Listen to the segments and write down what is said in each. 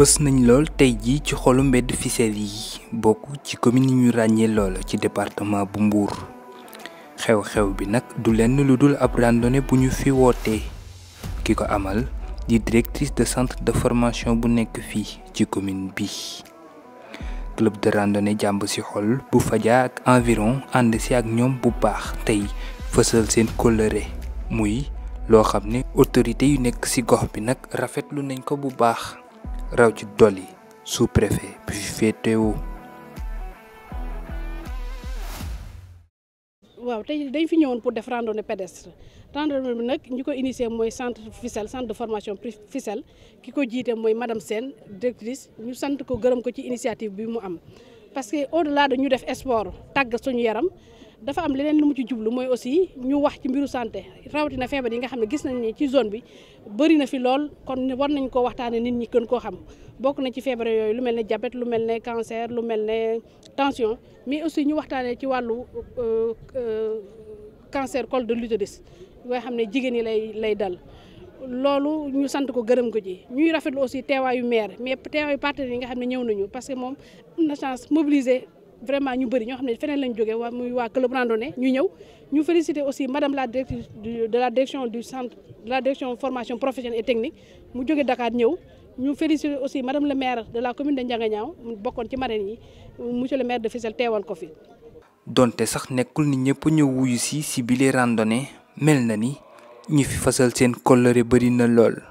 fës nañ lool tey jii ci xolu mbedd ficelle yi bokku ci commune ñu ragné lol ci département bu Mbour xew-xew bi nak du lenn lu dul ab randonnée bu ñu fi woté kiko amal di directrice de centre de formation bu nekk fi ci commune bi club de randonnée jàmb ci xol bu Fadia ak environ ànd ci ak ñom bu baax tay fessel seen kóllëre muy lo xamné autorité yu nekk ci gox bi nak rafet lu nañ ko bu baax raw ci doli sous préfet bi fi féetewoo. waaw tay dañ fi ñëwoon pour def randonnée pédestre randonnée bi nak ñi ko initié mooy centre Fissel centre de formation Fissel ki ko jiite madame Sène directrice ñu sant ko gërëm ko ci initiative bi mu am parce que au delà de ñu def sport tag suñu yaram. dafa am leneen lu mu ci jublu mooy aussi ñu wax ci mbiru santé rawatina feebar yi nga xam ne gis nañ ne ci zone bi bëri na fi lool kon war nañ koo waxtaanee nit ñi gën koo xam bokk na ci feebar yooyu lu mel ne diabète lu mel ne cancer lu mel ne tension mais aussi ñu waxtaanee ci wàllu euh, euh, cancer col de l'utérus nga xam ne jigéen ñi lay lay dal. loolu ñu sant ko gërëm ko ci ñuy rafetlu aussi teewaayu maire mais teewaayu partenaires yi nga xam ne ñëw nañu parce que moom am na chance mobiliser. vraiment ñu bëri ñoo xamné ne feneen lañ jógee waa muy waa club randonnée ñu ñëw ñu féliciter aussi madame la directrice de la direction du centre de la direction formation professionnelle et technique mu joggé Dakar ñëw ñu féliciter aussi madame le maire de la commune de Ndiaganiao mu bokkoon ci marraine yi monsieur le maire de Fessel teewal ko fi. donté sax nekkul ni ñëpp ñëw wuyu si ci bile randonnée mel na ni ñi fi fasal seen kóllëre bari na lool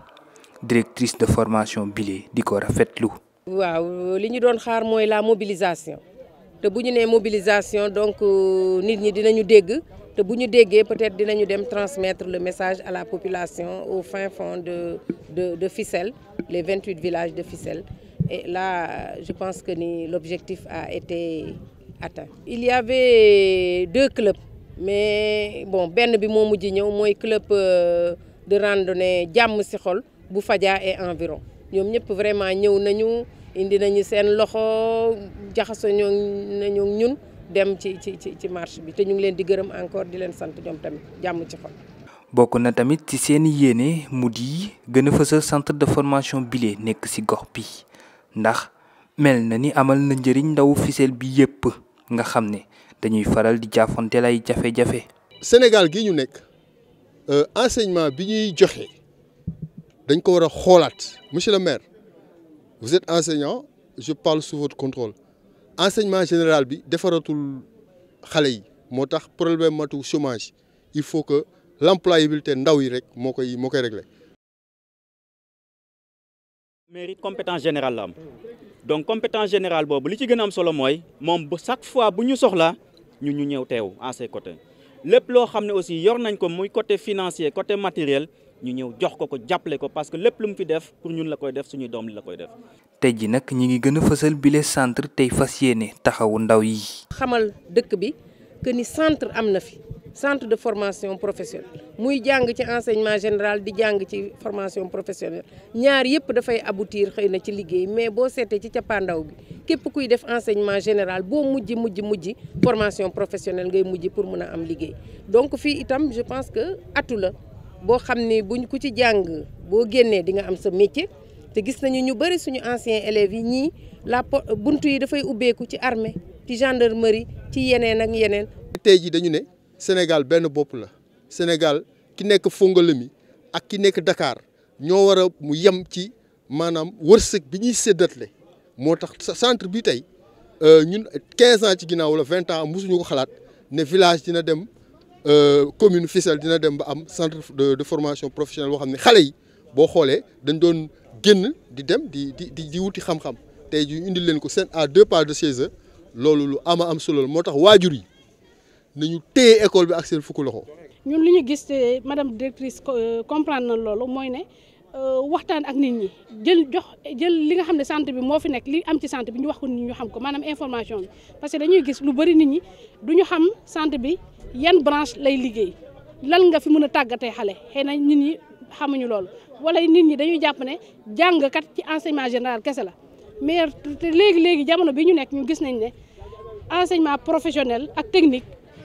directrice de formation bile diko ko rafetlu. waaw li ñu doon xaar mooy la mobilisation te bu mobilisation donc euh, nit ñi dinañu dégg te peut-être dinañu transmettre le message à la population au fin fond de de de les 28 villages de ficelles et là je pense que l'objectif a été atteint. Il y avait deux clubs mais bon ben bi moo mujj club euh, de randonnée Diam si xol et environ ñoom vraiment ñëw nañu. indi nañu seen loxo jaxasoo nañu ñun dem ci ci ci ci marche bi te ñu ngi leen di gërëm encore di leen sant ñoom tamit jàmm ci xol. bokk na tamit ci seen yéene mu di gën a fësal centre de formation bile nekk ci gox bi ndax mel na ni amal na njëriñ ndaw Fissel bi yépp nga xam ne dañuy faral di jàfanteel ay jafe-jafe. Sénégal gi ñu nekk euh, enseignement bi ñuy joxe dañ ko war a xoolaat monsieur le maire. vous êtes enseignant je parle sous votre contrôle enseignement général bi defaratul yi problème du chômage il faut que l'employabilité soit yi rek mérite la compétence générale la donc compétence générale c'est li ci gën am chaque fois bu ñu sommes ñu nous sommes à ses côtés Le plan xam aussi yor nañ côté financier côté matériel ñu ñëw jox ko ko jàppale ko parce que lépp lu mu fi def pour ñun la koy def suñuy doom la koy def. te ji nag ñi ngi gën a fësal centre tey fas yéene taxawu ndaw yi. xamal dëkk bi que ni centre am na fi centre de formation professionnelle muy jàng ci enseignement général di jàng ci formation professionnelle ñaar yëpp dafay aboutir xëy na ci liggéey mais boo seetee ci cappaandaw bi képp kuy def enseignement général boo mujj mujj mujj formation professionnelle ngay mujj pour mun a am liggéey donc je pense que atu la. boo xam ni buñ ko ci jàng boo génnee di nga am sa métier te gis nañu ñu bëri suñu anciens élèves yi ñii la bunt yi dafay ubbeeku ci armée ci gendarmerie ci yeneen ak yeneen. tey jii dañu ne Sénégal benn bopp la Sénégal ki nekk Fongolimbi ak ki nekk dakaar ñoo war a mu yem ci maanaam wërsëg bi ñuy séddatle moo tax centre bi tey euh, ñun 15 ans ci ginnaaw wala 20 ans mosuñu ko xalaat ne village dina dem. Euh, commune fiscale dina dem ba am centre de formation professionnelle boo xam ne yi bo xolé dañ doon génn di dem di di di wuti xam-xam tay jii indi len ko sen à deux pas de chez eux loolu lu ama am solo motax tax waajur yi nañu école bi ak seen fukki loxo. ñun liñu gis madame directrice euh, comprendre na loolu moy né Euh, waxtaan ak nit ñi jël jox jël li nga xam ne centre bi moo fi nekk li am ci centre bi ñu wax ko nit ñu xam ko maanaam information bi parce que dañuy gis lu bëri nit ñi du ñu xam centre bi yan branche lay liggéey lan nga fi mun a tàggatee xale xëy na nit ñi xamuñu loolu wala nit ñi dañuy jàpp ne jàngkat ci enseignement général kese la mais léegi-léegi jamono bi ñu nekk ñu gis nañ ne enseignement professionnel ak technique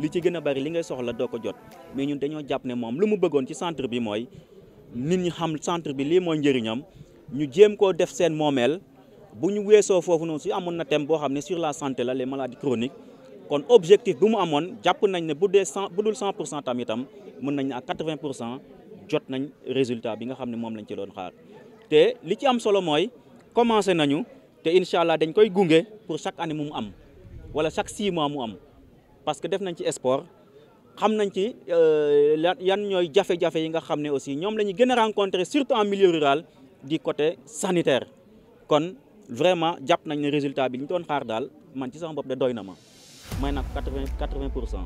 li ci gën a bari li ngay soxla doo ko jot mais ñun dañoo jàpp ne moom lu mu bëggoon ci centre bi mooy nit ñi xam centre bi lii mooy njëriñam ñu jéem koo def seen moomeel bu ñu weesoo foofu noonu si amoon na thème boo xam ne sur la santé la les maladies chroniques kon objectif bu mu amoon jàpp nañ ne bu dee cent bu dul cent pour cent tam mën nañ ne ak quatre-vingt pour cent jot nañ résultat bi nga xam ne moom lañ ci loon xaar te li ci am solo mooy commencé nañu te incha allah dañ koy gunge pour chaque année mu am wala chaque six mois mu am. parce que def nañ ci sport xam nañ ci euh, yan ñoy jafé jafé yi nga xamné aussi ñom lañu gëna rencontrer surtout en milieu rural du côté sanitaire kon vraiment japp nañ ne résultat bi ñu doon xaar dal man ci sama bop de doy ma may nak 80 80%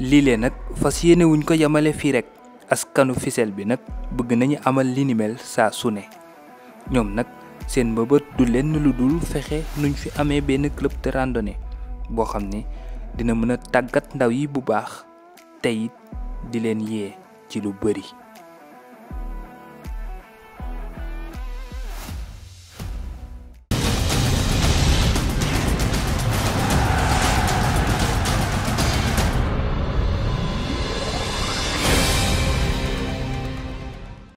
lilé nak pour fas yéene wuñ ko yamalé fi rek askanu Fissel bi nak bëgg nañu amal li ni mel sa suné ñom nak seen mbëbët du lenn lu dul fexé nuñ fi amé ben club de randonnée bo xamné dina mën a tàggat ndaw yi bu baax tey di leen yee ci lu bari